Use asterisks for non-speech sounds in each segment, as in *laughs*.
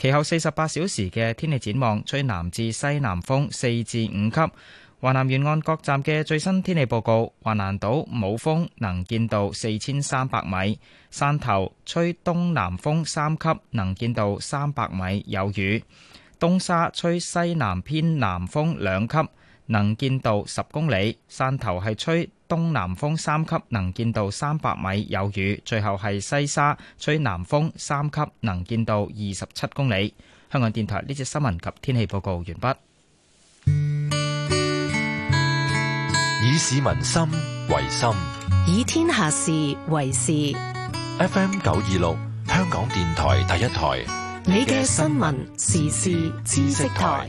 其後四十八小時嘅天氣展望，吹南至西南風四至五級。華南沿岸各站嘅最新天氣報告：華南島冇風，能見到四千三百米；汕頭吹東南風三級，能見到三百米，有雨；東沙吹西南偏南風兩級。能見度十公里，汕頭係吹東南風三級，能見度三百米，有雨。最後係西沙吹南風三級，能見度二十七公里。香港電台呢隻新聞及天氣報告完畢。以市民心為心，以天下事為事。FM 九二六，香港電台第一台，你嘅新聞時事知識台。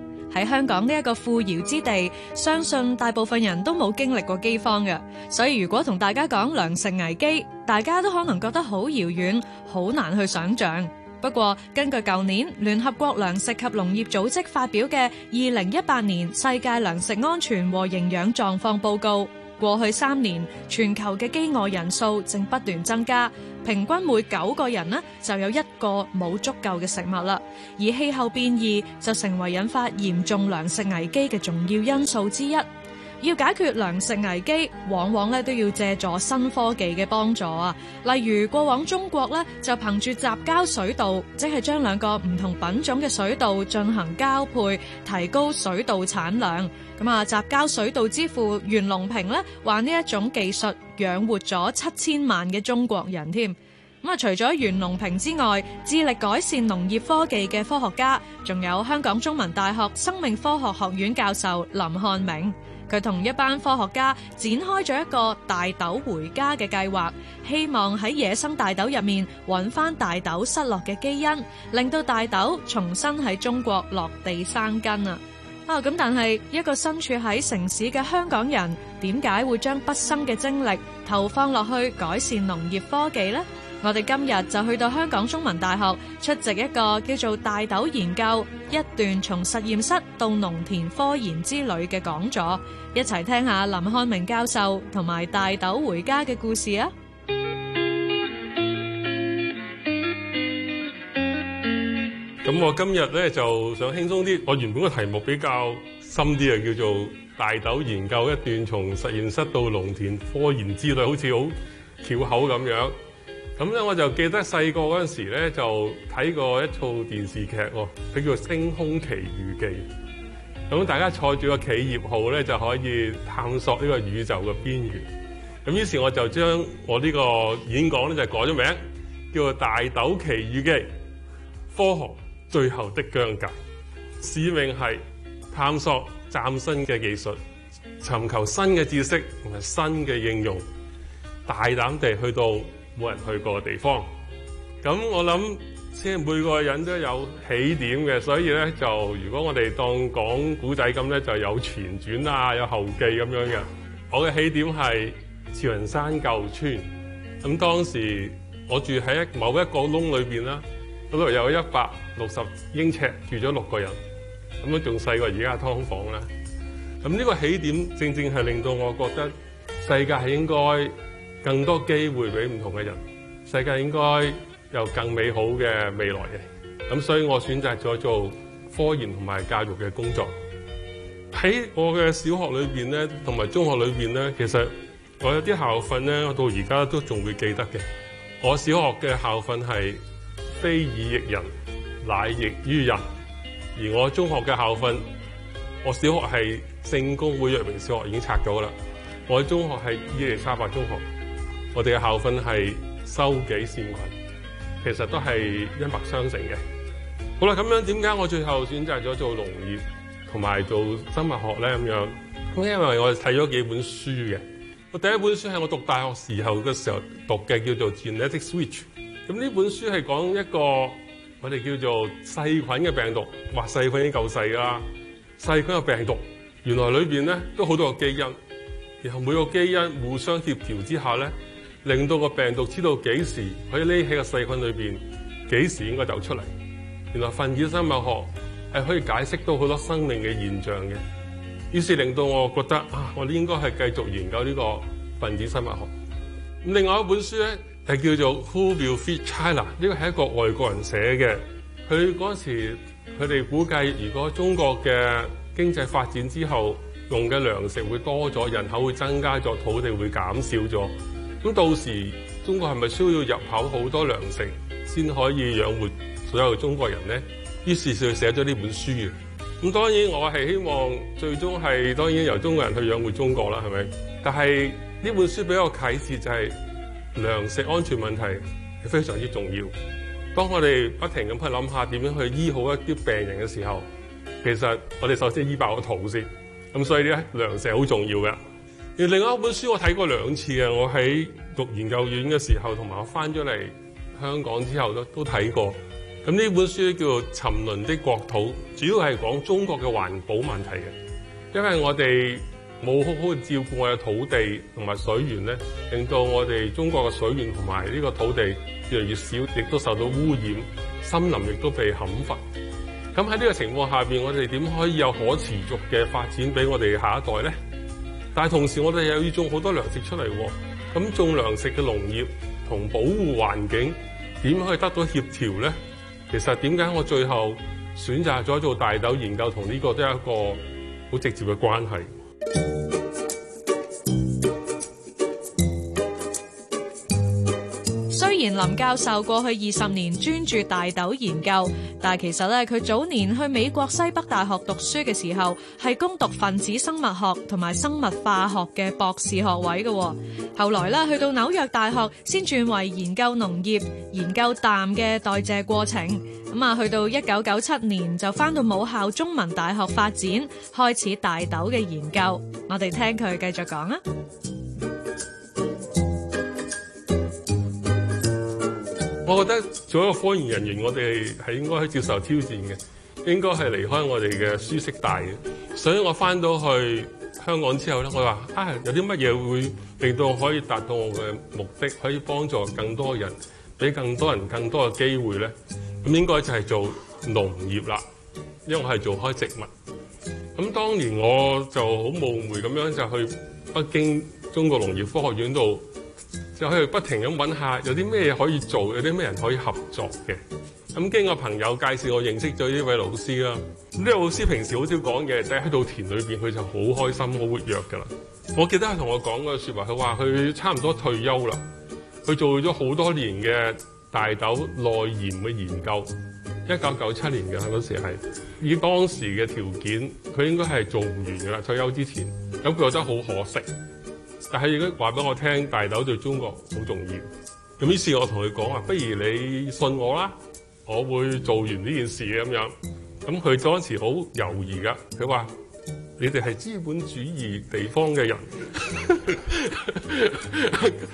喺香港呢一個富饒之地，相信大部分人都冇經歷過飢荒嘅，所以如果同大家講糧食危機，大家都可能覺得好遙遠，好難去想象。不過根據舊年聯合國糧食及農業組織發表嘅《二零一八年世界糧食安全和營養狀況報告》，過去三年全球嘅飢餓人數正不斷增加。平均每九個人咧就有一個冇足夠嘅食物啦，而氣候變異就成為引發嚴重糧食危機嘅重要因素之一。要解決糧食危機，往往咧都要借助新科技嘅幫助啊。例如過往中國咧就憑住雜交水稻，即係將兩個唔同品種嘅水稻進行交配，提高水稻產量。咁啊，雜交水稻之父袁隆平咧話呢一種技術，養活咗七千萬嘅中國人添，咁啊除咗袁隆平之外，致力改善農業科技嘅科學家，仲有香港中文大學生命科學學院教授林漢明，佢同一班科學家展開咗一個大豆回家嘅計劃，希望喺野生大豆入面揾翻大豆失落嘅基因，令到大豆重新喺中國落地生根啊！啊！咁、哦、但係一個身處喺城市嘅香港人，點解會將畢生嘅精力投放落去改善農業科技咧？我哋今日就去到香港中文大學出席一個叫做大豆研究一段從實驗室到農田科研之旅嘅講座，一齊聽下林漢明教授同埋大豆回家嘅故事啊！咁我今日咧就想輕鬆啲。我原本嘅題目比較深啲啊，叫做大豆研究一段從實驗室到農田科研之旅，好似好巧口咁樣。咁咧我就記得細個嗰陣時咧就睇過一套電視劇，佢、哦、叫做《星空奇遇記》，咁大家坐住個企業號咧就可以探索呢個宇宙嘅邊緣。咁於是我就將我呢個演講咧就改咗名，叫做《大豆奇遇記》科學。最後的疆界，使命係探索嶄新嘅技術，尋求新嘅知識同埋新嘅應用，大膽地去到冇人去過嘅地方。咁我諗即係每個人都有起點嘅，所以咧就如果我哋當講古仔咁咧，就有前傳啦，啊，有後記咁樣嘅。我嘅起點係慈雲山舊村，咁當時我住喺某一個窿裏邊啦，嗰度有一百六十英尺住咗六個人，咁都仲細過而家劏房啦。咁呢個起點正正係令到我覺得世界係應該更多機會俾唔同嘅人，世界應該有更美好嘅未來嘅。咁所以我選擇咗做科研同埋教育嘅工作。喺我嘅小學裏邊咧，同埋中學裏邊咧，其實我有啲校訓咧，我到而家都仲會記得嘅。我小學嘅校訓係非以役人。乃亦於人，而我中學嘅校訓，我小學係聖公會若明小學已經拆咗啦。我喺中學係伊利沙伯中學，我哋嘅校訓係修己善群，其實都係一脈相承嘅。好啦，咁樣點解我最後選擇咗做農業同埋做生物學咧？咁樣咁因為我哋睇咗幾本書嘅。我第一本書係我讀大學時候嘅時候讀嘅，叫做 Genetic Switch。咁呢本書係講一個。我哋叫做細菌嘅病毒，話細菌已經夠細啦。細菌嘅病毒，原來裏面咧都好多個基因，然後每個基因互相協調之下咧，令到個病毒知道幾時可以匿喺個細菌裏面，幾時應該走出嚟。原來分子生物學係可以解釋到好多生命嘅現象嘅，於是令到我覺得啊，我哋應該係繼續研究呢個分子生物學。另外一本書咧。係叫做 Who Will Feed China？呢個係一個外國人寫嘅。佢嗰時佢哋估計，如果中國嘅經濟發展之後，用嘅糧食會多咗，人口會增加咗，土地會減少咗。咁到時中國係咪需要入口好多糧食先可以養活所有中國人呢？於是就寫咗呢本書。咁當然我係希望最終係當然由中國人去養活中國啦，係咪？但係呢本書俾我啟示就係、是。糧食安全問題係非常之重要。當我哋不停咁去諗下點樣去醫好一啲病人嘅時候，其實我哋首先醫爆個肚先。咁所以呢，糧食好重要嘅。而另外一本書我睇過兩次嘅，我喺讀研究院嘅時候同埋我返咗嚟香港之後都都睇過。咁呢本書叫做《沉淪的國土》，主要係講中國嘅環保問題嘅，因為我哋，冇好好照顧我嘅土地同埋水源咧，令到我哋中國嘅水源同埋呢個土地越嚟越少，亦都受到污染，森林亦都被砍伐。咁喺呢個情況下面，我哋點可以有可持續嘅發展俾我哋下一代咧？但係同時，我哋又要種好多糧食出嚟喎。咁種糧食嘅農業同保護環境點可以得到協調咧？其實點解我最後選擇咗做大豆研究同呢個都係一個好直接嘅關係。雖然林教授過去二十年專注大豆研究，但係其實咧，佢早年去美國西北大學讀書嘅時候，係攻讀分子生物學同埋生物化學嘅博士學位嘅。後來咧，去到紐約大學先轉為研究農業、研究氮嘅代謝過程。咁啊，去到一九九七年就翻到母校中文大學發展，開始大豆嘅研究。我哋聽佢繼續講啊。我覺得做一個科研人員，我哋係應該去接受挑戰嘅，應該係離開我哋嘅舒適帶嘅。所以，我翻到去香港之後咧，我話啊，有啲乜嘢會令到可以達到我嘅目的，可以幫助更多人，俾更多人更多嘅機會咧？咁應該就係做農業啦，因為我係做開植物。咁當年我就好冒昧咁樣就去北京中國農業科學院度。就喺度不停咁揾下有啲咩可以做，有啲咩人可以合作嘅。咁經過朋友介紹，我認識咗呢位老師啦。呢位老師平時好少講嘢，但喺到田裏邊，佢就好開心、好活躍噶啦。我記得佢同我講個說過的話，佢話佢差唔多退休啦。佢做咗好多年嘅大豆耐鹽嘅研究，一九九七年嘅嗰時係，以當時嘅條件，佢應該係做唔完噶啦。退休之前，咁佢覺得好可惜。但係佢話俾我聽，大豆對中國好重要。咁於是，我同佢講啊，不如你信我啦，我會做完呢件事咁樣。咁佢當時好猶豫噶，佢話：你哋係資本主義地方嘅人，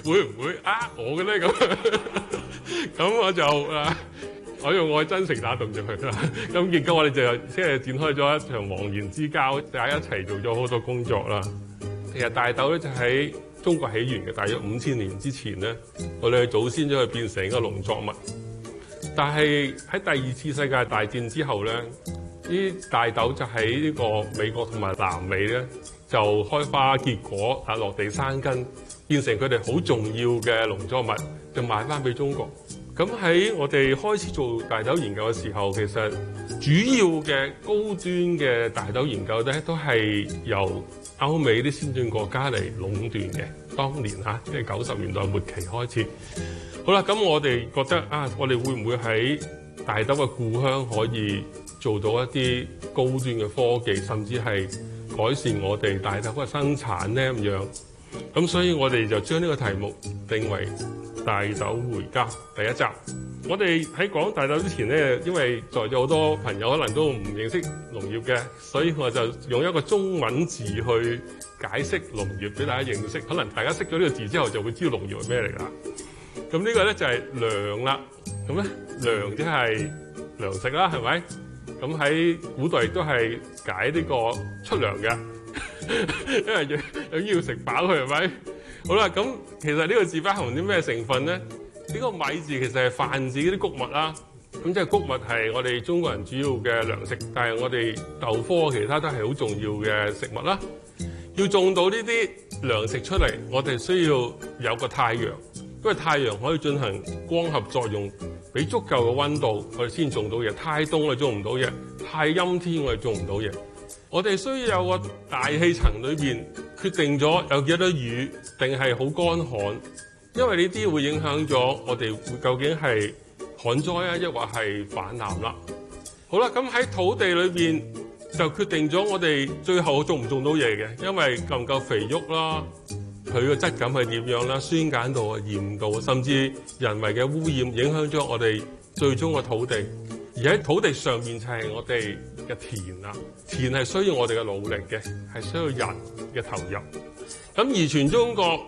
會唔會呃我嘅咧？咁 *laughs* 咁我就我用我嘅真誠打動咗佢啦。咁結果我哋就即係展開咗一場忘年之交，大家一齊做咗好多工作啦。其實大豆咧就喺中國起源嘅，大約五千年之前咧，我哋嘅祖先將佢變成一個農作物。但係喺第二次世界大戰之後咧，呢大豆就喺呢個美國同埋南美咧就開花結果啊，落地生根，變成佢哋好重要嘅農作物，就賣翻俾中國。咁喺我哋開始做大豆研究嘅時候，其實主要嘅高端嘅大豆研究咧，都係由歐美啲先進國家嚟壟斷嘅，當年啊，即係九十年代末期開始。好啦，咁我哋覺得啊，我哋會唔會喺大豆嘅故鄉可以做到一啲高端嘅科技，甚至係改善我哋大豆嘅生產咧？咁樣，咁所以我哋就將呢個題目定為《大豆回家》第一集。我哋喺講大豆之前咧，因為在座好多朋友可能都唔認識農業嘅，所以我就用一個中文字去解釋農業俾大家認識。可能大家識咗呢個字之後，就會知道農業係咩嚟㗎啦。咁呢個咧就係糧啦。咁咧糧即係糧食啦，係咪？咁喺古代都係解呢個出糧嘅，因為要要食飽佢，係咪？好啦，咁其實呢個字包含啲咩成分咧？呢個米字其實係泛指嗰啲穀物啦，咁即係穀物係我哋中國人主要嘅糧食，但係我哋豆科其他都係好重要嘅食物啦。要種到呢啲糧食出嚟，我哋需要有個太陽，因為太陽可以進行光合作用，俾足夠嘅溫度，我哋先種到嘢。太凍我哋種唔到嘢，太陰天我哋種唔到嘢。我哋需要有個大氣層裏邊決定咗有幾多雨，定係好乾旱。因為呢啲會影響咗我哋究竟係旱災啊，抑或係泛濫啦。好啦，咁喺土地裏邊就決定咗我哋最後種唔種到嘢嘅，因為夠唔夠肥沃啦，佢個質感係點樣啦，酸鹼度、鹽度，甚至人為嘅污染，影響咗我哋最終嘅土地。而喺土地上面就係我哋嘅田啦，田係需要我哋嘅努力嘅，係需要人嘅投入。咁而全中國。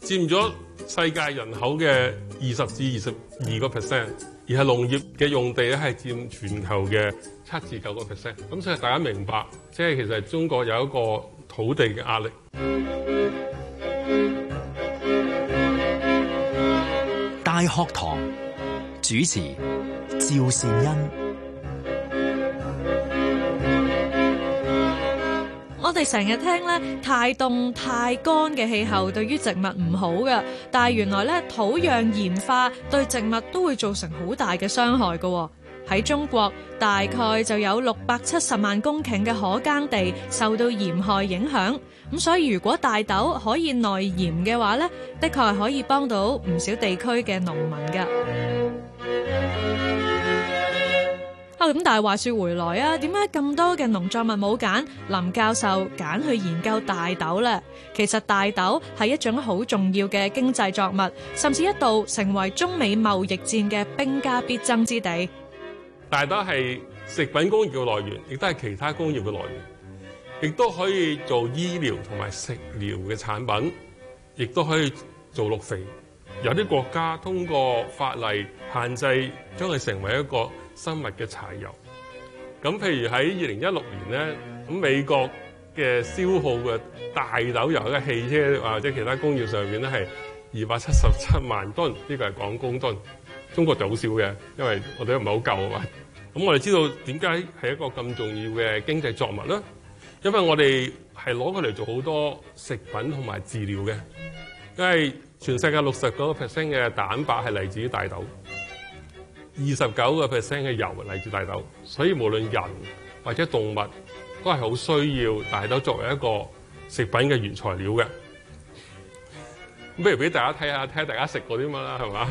佔咗世界人口嘅二十至二十二個 percent，而係農業嘅用地咧係佔全球嘅七至九個 percent。咁所以大家明白，即係其實中國有一個土地嘅壓力。大學堂主持趙善恩。我哋成日聽咧，太凍太乾嘅氣候對於植物唔好㗎，但係原來咧土壤鹽化對植物都會造成好大嘅傷害嘅。喺中國大概就有六百七十萬公頃嘅可耕地受到鹽害影響，咁所以如果大豆可以耐鹽嘅話咧，的確係可以幫到唔少地區嘅農民㗎。啊！咁但係話說回來啊，點解咁多嘅農作物冇揀？林教授揀去研究大豆啦。其實大豆係一種好重要嘅經濟作物，甚至一度成為中美貿易戰嘅兵家必爭之地。大豆係食品工業嘅來源，亦都係其他工業嘅來源，亦都可以做醫療同埋食療嘅產品，亦都可以做綠肥。有啲國家通過法例限制，將佢成為一個。生物嘅柴油，咁譬如喺二零一六年咧，咁美國嘅消耗嘅大豆油喺汽車或者其他工業上面咧係二百七十七萬噸，呢個係港公噸。中國就好少嘅，因為我哋唔係好夠啊嘛。咁我哋知道點解係一個咁重要嘅經濟作物咧？因為我哋係攞佢嚟做好多食品同埋治療嘅，因為全世界六十個 percent 嘅蛋白係嚟自於大豆，二十九個 percent 嘅油嚟自大豆，所以無論人或者動物都係好需要大豆作為一個食品嘅原材料嘅。不如俾大家睇下，睇下大家食過啲乜啦，係嘛？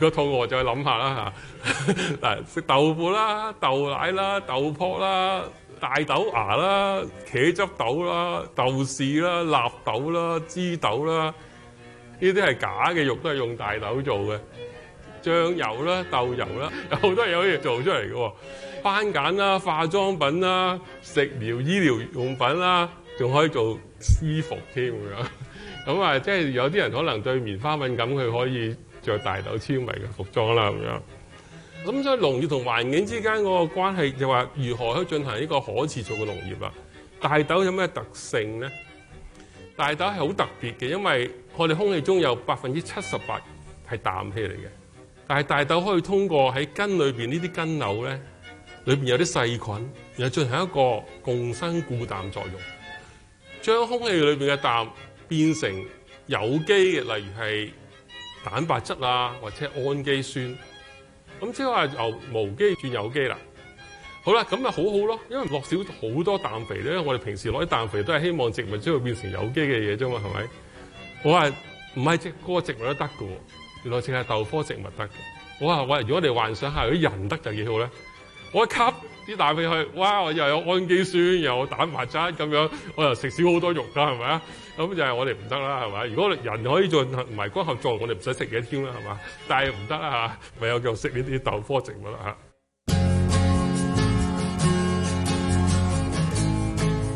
個肚餓就去諗下啦嚇。嗱，食豆腐啦、豆奶啦、豆卜啦、大豆芽啦、茄汁豆啦、豆豉啦、納豆啦、枝豆啦，呢啲係假嘅肉，都係用大豆做嘅。醬油啦、豆油啦，有好多嘢可以做出嚟嘅。番梘啦、化妝品啦、食療醫療用品啦，仲可以做衣服添咁樣。咁啊，即係有啲人可能對棉花敏感，佢可以着大豆纖維嘅服裝啦咁樣。咁所以農業同環境之間嗰個關係，就話如何去進行呢個可持續嘅農業啦。大豆有咩特性咧？大豆係好特別嘅，因為我哋空氣中有百分之七十八係氮氣嚟嘅。但係大豆可以通過喺根裏邊呢啲根瘤咧，裏邊有啲細菌，又進行一個共生固氮作用，將空氣裏邊嘅氮變成有機嘅，例如係蛋白質啊，或者氨基酸。咁即係話由無機轉有機啦。好啦，咁啊好好咯，因為落少好多氮肥咧，我哋平時攞啲氮肥都係希望植物將佢變成有機嘅嘢啫嘛，係咪？我話唔係，即個植物都得㗎。原來淨係豆科植物得嘅，哇！我如果我哋幻想下，如果人得就幾好咧。我一吸啲大肥去，哇！我又有氨基酸，又有蛋白質咁樣，我又食少好多肉㗎，係咪啊？咁就係我哋唔得啦，係咪啊？如果人可以進行唔埋光合作，我哋唔使食嘢添啦，係嘛？但係唔得啦吓，唯、啊、有就食呢啲豆科植物啦吓。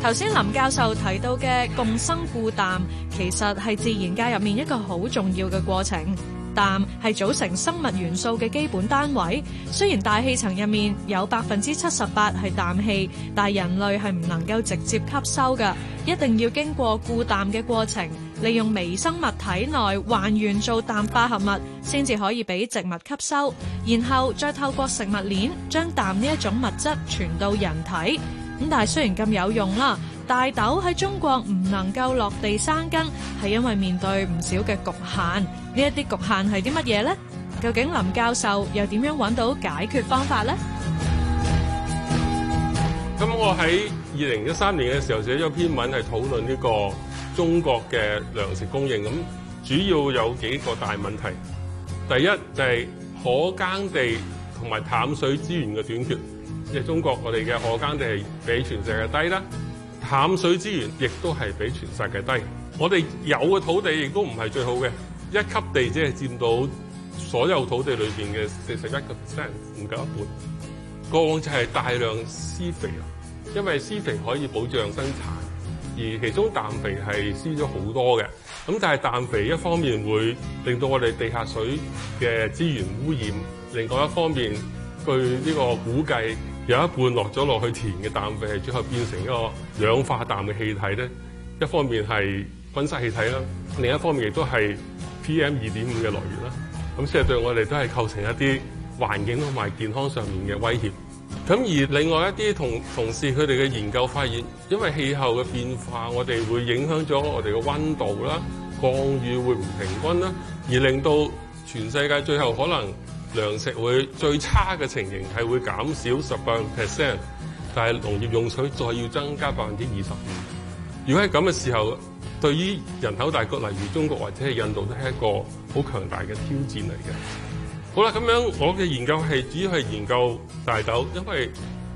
頭、啊、先林教授提到嘅共生固氮，其實係自然界入面一個好重要嘅過程。氮係組成生物元素嘅基本單位，雖然大氣層入面有百分之七十八係氮氣，但係人類係唔能夠直接吸收嘅，一定要經過固氮嘅過程，利用微生物體內還原做氮化合物，先至可以俾植物吸收，然後再透過食物鏈將氮呢一種物質傳到人體。咁但係雖然咁有用啦。大豆喺中國唔能夠落地生根，係因為面對唔少嘅局限。呢一啲局限係啲乜嘢咧？究竟林教授又點樣揾到解決方法咧？咁我喺二零一三年嘅時候寫咗篇文，係討論呢個中國嘅糧食供應。咁主要有幾個大問題，第一就係可耕地同埋淡水資源嘅短缺。即係中國我哋嘅可耕地係比全世界低啦。淡水資源亦都係比全世界低，我哋有嘅土地亦都唔係最好嘅，一級地只係佔到所有土地裏邊嘅四十一個 percent，唔夠一半。過往就係大量施肥，因為施肥可以保障生產，而其中氮肥係施咗好多嘅。咁但係氮肥一方面會令到我哋地下水嘅資源污染，另外一方面據呢個估計。有一半落咗落去田嘅氮肥，係最後變成一個氧化氮嘅氣體咧。一方面係温室氣體啦，另一方面亦都係 PM 二點五嘅來源啦。咁即係對我哋都係構成一啲環境同埋健康上面嘅威脅。咁而另外一啲同同事佢哋嘅研究發現，因為氣候嘅變化，我哋會影響咗我哋嘅温度啦、降雨會唔平均啦，而令到全世界最後可能。糧食會最差嘅情形係會減少十八 percent，但係農業用水再要增加百分之二十五。如果喺咁嘅時候，對於人口大國，例如中國或者係印度都係一個好強大嘅挑戰嚟嘅。好啦，咁樣我嘅研究係主要係研究大豆，因為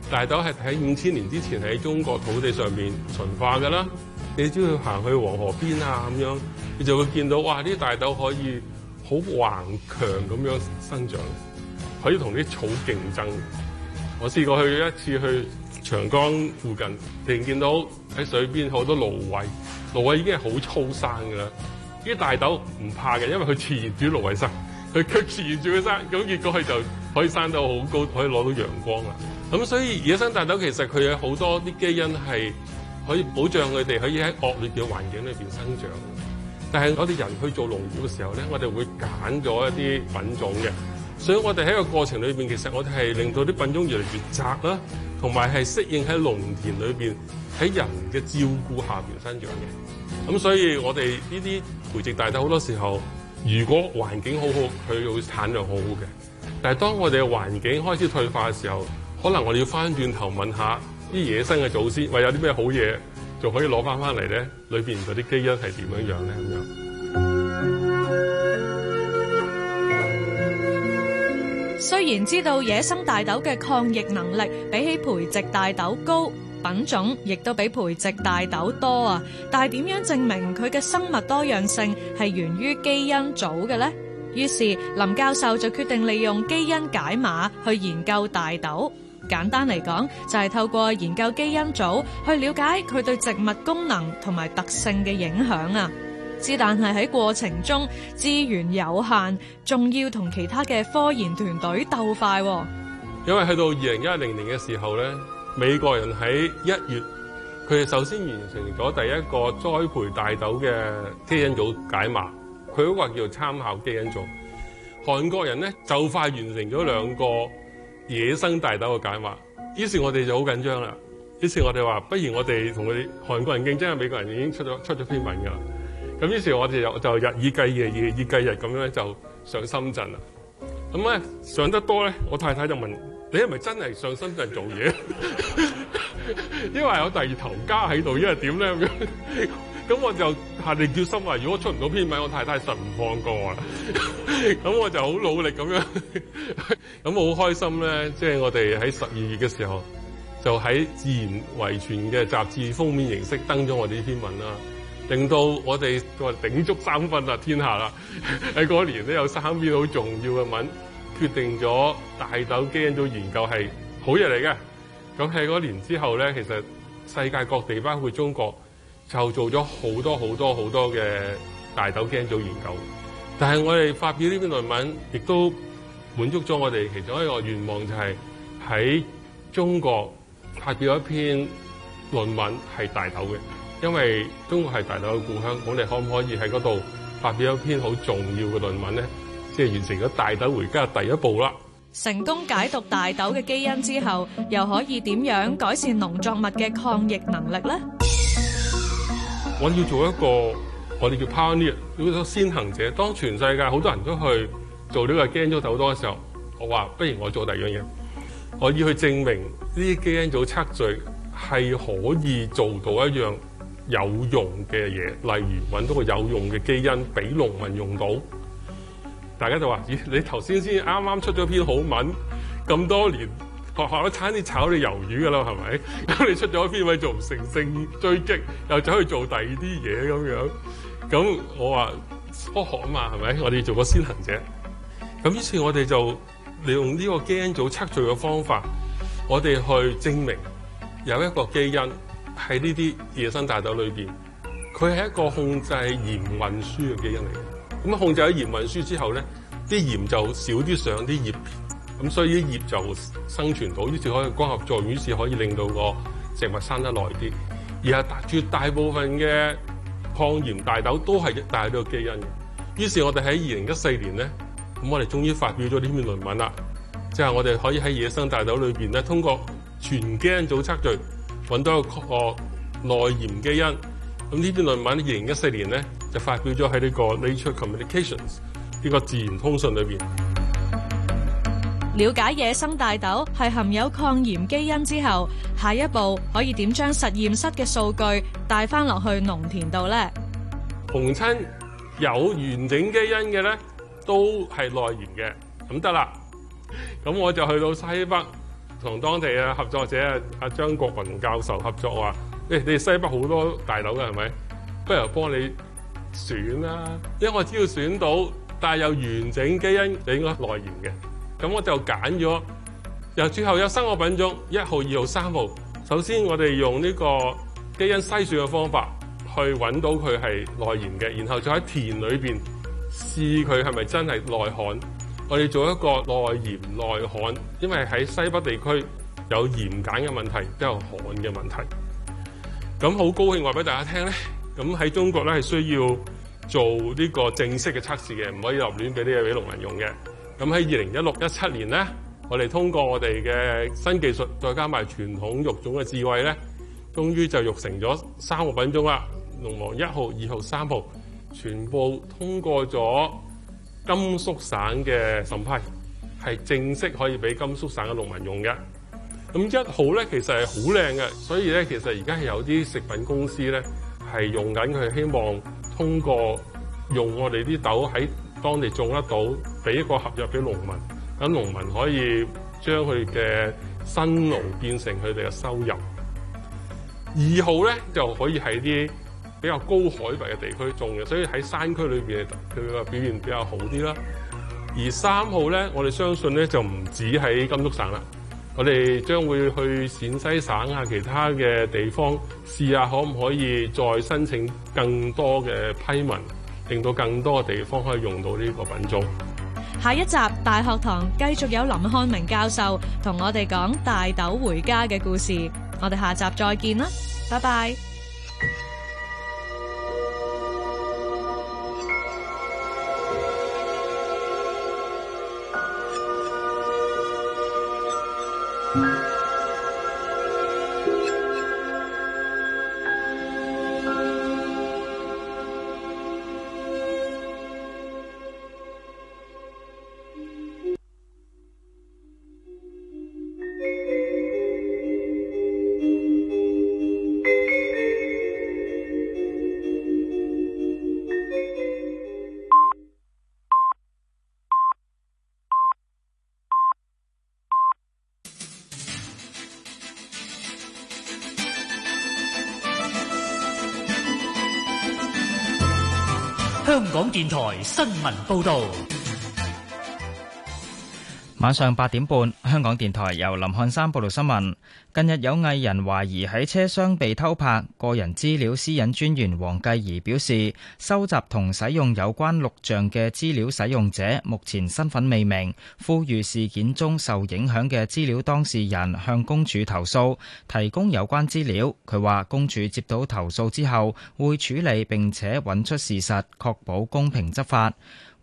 大豆係喺五千年之前喺中國土地上面馴化嘅啦。你只要行去黃河邊啊咁樣，你就會見到哇啲大豆可以，好橫強咁樣生長，可以同啲草競爭。我試過去一次去長江附近，突然見到喺水邊好多蘆葦。蘆葦已經係好粗生㗎啦。啲大豆唔怕嘅，因為佢自然住蘆葦生，佢卻自然住佢生，咁結果佢就可以生到好高，可以攞到陽光啦。咁所以野生大豆其實佢有好多啲基因係可以保障佢哋可以喺惡劣嘅環境裏面生長。但係我哋人去做農務嘅時候咧，我哋會揀咗一啲品種嘅，所以我哋喺個過程裏邊，其實我哋係令到啲品種越嚟越窄啦，同埋係適應喺農田裏邊喺人嘅照顧下邊生長嘅。咁所以我哋呢啲培植大豆好多時候，如果環境好好，佢會產量好好嘅。但係當我哋嘅環境開始退化嘅時候，可能我哋要翻轉頭問下啲野生嘅祖先，喂，有啲咩好嘢？就可以攞翻翻嚟咧，裏面嗰啲基因係點樣樣咧咁樣。雖然知道野生大豆嘅抗逆能力比起培植大豆高，品種亦都比培植大豆多啊，但係點樣證明佢嘅生物多樣性係源於基因組嘅呢？於是林教授就決定利用基因解碼去研究大豆。簡單嚟講就係透過研究基因組去了解佢對植物功能同埋特性嘅影響啊。之但係喺過程中資源有限，仲要同其他嘅科研團隊鬥快。因為去到二零一零年嘅時候咧，美國人喺一月，佢哋首先完成咗第一個栽培大豆嘅基因組解碼，佢嗰個叫做參考基因組。韓國人咧就快完成咗兩個。野生大豆嘅解碼，於是我哋就好緊張啦。於是我哋話：不如我哋同佢韓國人競爭嘅美國人已經出咗出咗篇文㗎啦。咁於是我哋又就日以繼夜，夜以繼日咁樣就上深圳啦。咁咧上得多咧，我太太就問：你係咪真係上深圳做嘢？ *laughs* 因為有第二頭家喺度，因為點咧咁樣呢？ *laughs* 咁我就下定決心話，如果出唔到篇文，我太太實唔放過我啦。咁 *laughs* 我就好努力咁樣，咁我好開心咧。即、就、係、是、我哋喺十二月嘅時候，就喺自然遺傳嘅雜誌封面形式登咗我哋篇文啦，令到我哋頂足三分啊天下啦。喺 *laughs* 嗰年都有三篇好重要嘅文，決定咗大豆基因組研究係好嘢嚟嘅。咁喺嗰年之後咧，其實世界各地包括中國。就做咗好多好多好多嘅大豆基因組研究，但係我哋發表呢篇論文亦都滿足咗我哋其中一個願望，就係喺中國發表一篇論文係大豆嘅，因為中國係大豆嘅故鄉，我哋可唔可以喺嗰度發表一篇好重要嘅論文咧？即係完成咗大豆回家嘅第一步啦！成功解讀大豆嘅基因之後，又可以點樣改善農作物嘅抗逆能力咧？我要做一個我哋叫 Pioneer，叫做先行者。當全世界好多人都去做呢個基因組好多嘅時候，我話不如我做第二樣嘢。我要去證明呢啲基因組測序係可以做到一樣有用嘅嘢，例如搵到個有用嘅基因俾農民用到。大家就話：你頭先先啱啱出咗篇好文，咁多年。學校都差啲炒你魷魚㗎啦，係咪？咁 *laughs* 你出咗邊位做成，勝追擊做唔成乘勝追擊，又走去做第二啲嘢咁樣？咁我話科學啊嘛，係咪？我哋做個先行者。咁於是，我哋就利用呢個基因組測序嘅方法，我哋去證明有一個基因喺呢啲野生大豆裏邊。佢係一個控制鹽運輸嘅基因嚟。咁控制咗鹽運輸之後咧，啲鹽就少啲上啲葉片。咁所以啲葉就生存到，於是可以光合作用，於是可以令到個植物生得耐啲。而係絕大部分嘅抗鹽大豆都係帶咗個基因嘅。於是我哋喺二零一四年咧，咁我哋終於發表咗呢篇論文啦。即係我哋可以喺野生大豆裏邊咧，通過全基因組測序揾到一個個內鹽基因。咁呢篇論文二零一四年咧就發表咗喺呢個《Nature Communications》呢個自然通訊裏邊。了解野生大豆係含有抗鹽基因之後，下一步可以點將實驗室嘅數據帶翻落去農田度咧？逢親有完整基因嘅咧，都係耐鹽嘅，咁得啦。咁我就去到西北同當地嘅合作者阿阿張國雲教授合作話：，誒，你哋西北好多大豆嘅係咪？不如幫你選啦，因為我只要選到帶有完整基因就應該是耐鹽嘅。咁我就揀咗，由最後有三個品種，一號、二號、三號。首先我哋用呢個基因篩選嘅方法去揾到佢係耐鹽嘅，然後再喺田裏面試佢係咪真係耐旱。我哋做一個耐鹽耐旱，因為喺西北地區有鹽鹼嘅問題，都有旱嘅問題。咁好高興話俾大家聽咧，咁喺中國咧係需要做呢個正式嘅測試嘅，唔可以立亂俾啲嘢俾農民用嘅。咁喺二零一六一七年咧，我哋通過我哋嘅新技術，再加埋傳統育種嘅智慧咧，終於就育成咗三個品種啦。隴黃一號、二號、三號，全部通過咗甘肅省嘅審批，係正式可以俾甘肅省嘅農民用嘅。咁一號咧，其實係好靚嘅，所以咧其實而家係有啲食品公司咧係用緊佢，希望通過用我哋啲豆喺當地種得到。俾一個合約俾農民，咁農民可以將佢嘅辛勞變成佢哋嘅收入。二號咧就可以喺啲比較高海拔嘅地區種嘅，所以喺山區裏面，佢個表現比較好啲啦。而三號咧，我哋相信咧就唔止喺甘肅省啦，我哋將會去陝西省啊，其他嘅地方試下，可唔可以再申請更多嘅批文，令到更多嘅地方可以用到呢個品種。下一集大學堂繼續有林漢明教授同我哋講大豆回家嘅故事，我哋下集再見啦，拜拜。新聞報導。晚上八點半，香港電台由林漢山報道新聞。近日有藝人懷疑喺車廂被偷拍。個人資料私隱專員黃繼儀表示，收集同使用有關錄像嘅資料使用者，目前身份未明。呼籲事件中受影響嘅資料當事人向公署投訴，提供有關資料。佢話，公署接到投訴之後，會處理並且揾出事實，確保公平執法。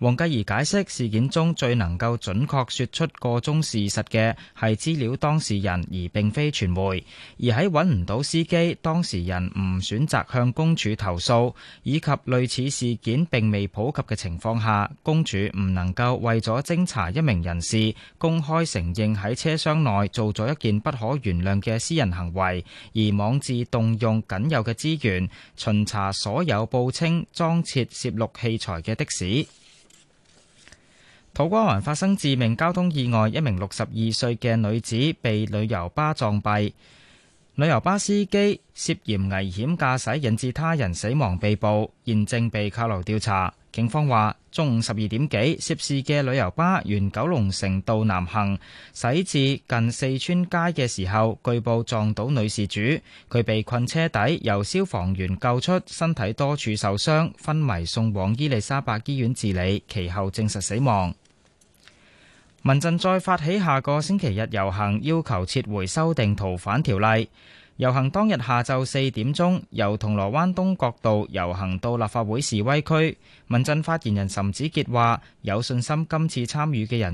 黃繼兒解釋，事件中最能夠準確說出個中事實嘅係資料當事人，而並非傳媒。而喺揾唔到司機、當事人唔選擇向公署投訴，以及類似事件並未普及嘅情況下，公署唔能夠為咗偵查一名人士公開承認喺車廂內做咗一件不可原諒嘅私人行為，而妄自動用僅有嘅資源巡查所有報稱裝設攝錄器材嘅的、的士。土瓜灣發生致命交通意外，一名六十二歲嘅女子被旅遊巴撞斃，旅遊巴司機涉嫌危險駕駛，引致他人死亡，被捕現正被扣留調查。警方話，中午十二點幾，涉事嘅旅遊巴沿九龍城道南行，駛至近四川街嘅時候，據報撞到女事主，佢被困車底，由消防員救出，身體多處受傷，昏迷送往伊利沙伯醫院治理，其後證實死亡。民陣再發起下個星期日遊行，要求撤回修訂逃犯條例。遊行當日下晝四點鐘，由銅鑼灣東角道遊行到立法會示威區。民陣發言人岑子杰話，有信心今次參與嘅人。